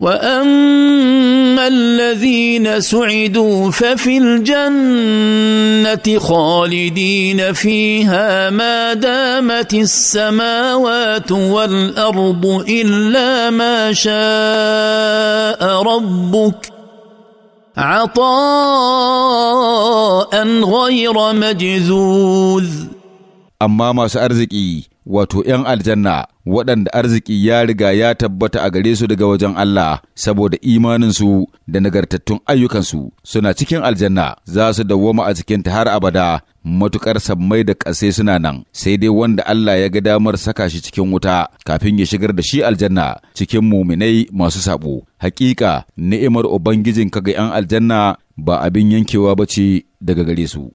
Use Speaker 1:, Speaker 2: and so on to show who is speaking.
Speaker 1: واما الذين سعدوا ففي الجنه خالدين فيها ما دامت السماوات والارض الا ما شاء ربك عطاء
Speaker 2: غير مجذوذ اما ما
Speaker 3: سارزقي wato ‘yan aljanna waɗanda arziki ya riga ya tabbata a gare su daga wajen Allah saboda imaninsu da nagartattun ayyukansu suna cikin aljanna za su dawwama a cikinta har abada matukar sammai da ƙasai suna nan sai dai wanda Allah ya ga damar saka shi cikin wuta kafin ya shigar da shi aljanna cikin muminai masu sabo hakika ni'imar ubangijin kaga 'yan aljanna ba abin yankewa
Speaker 4: ba ce daga gare su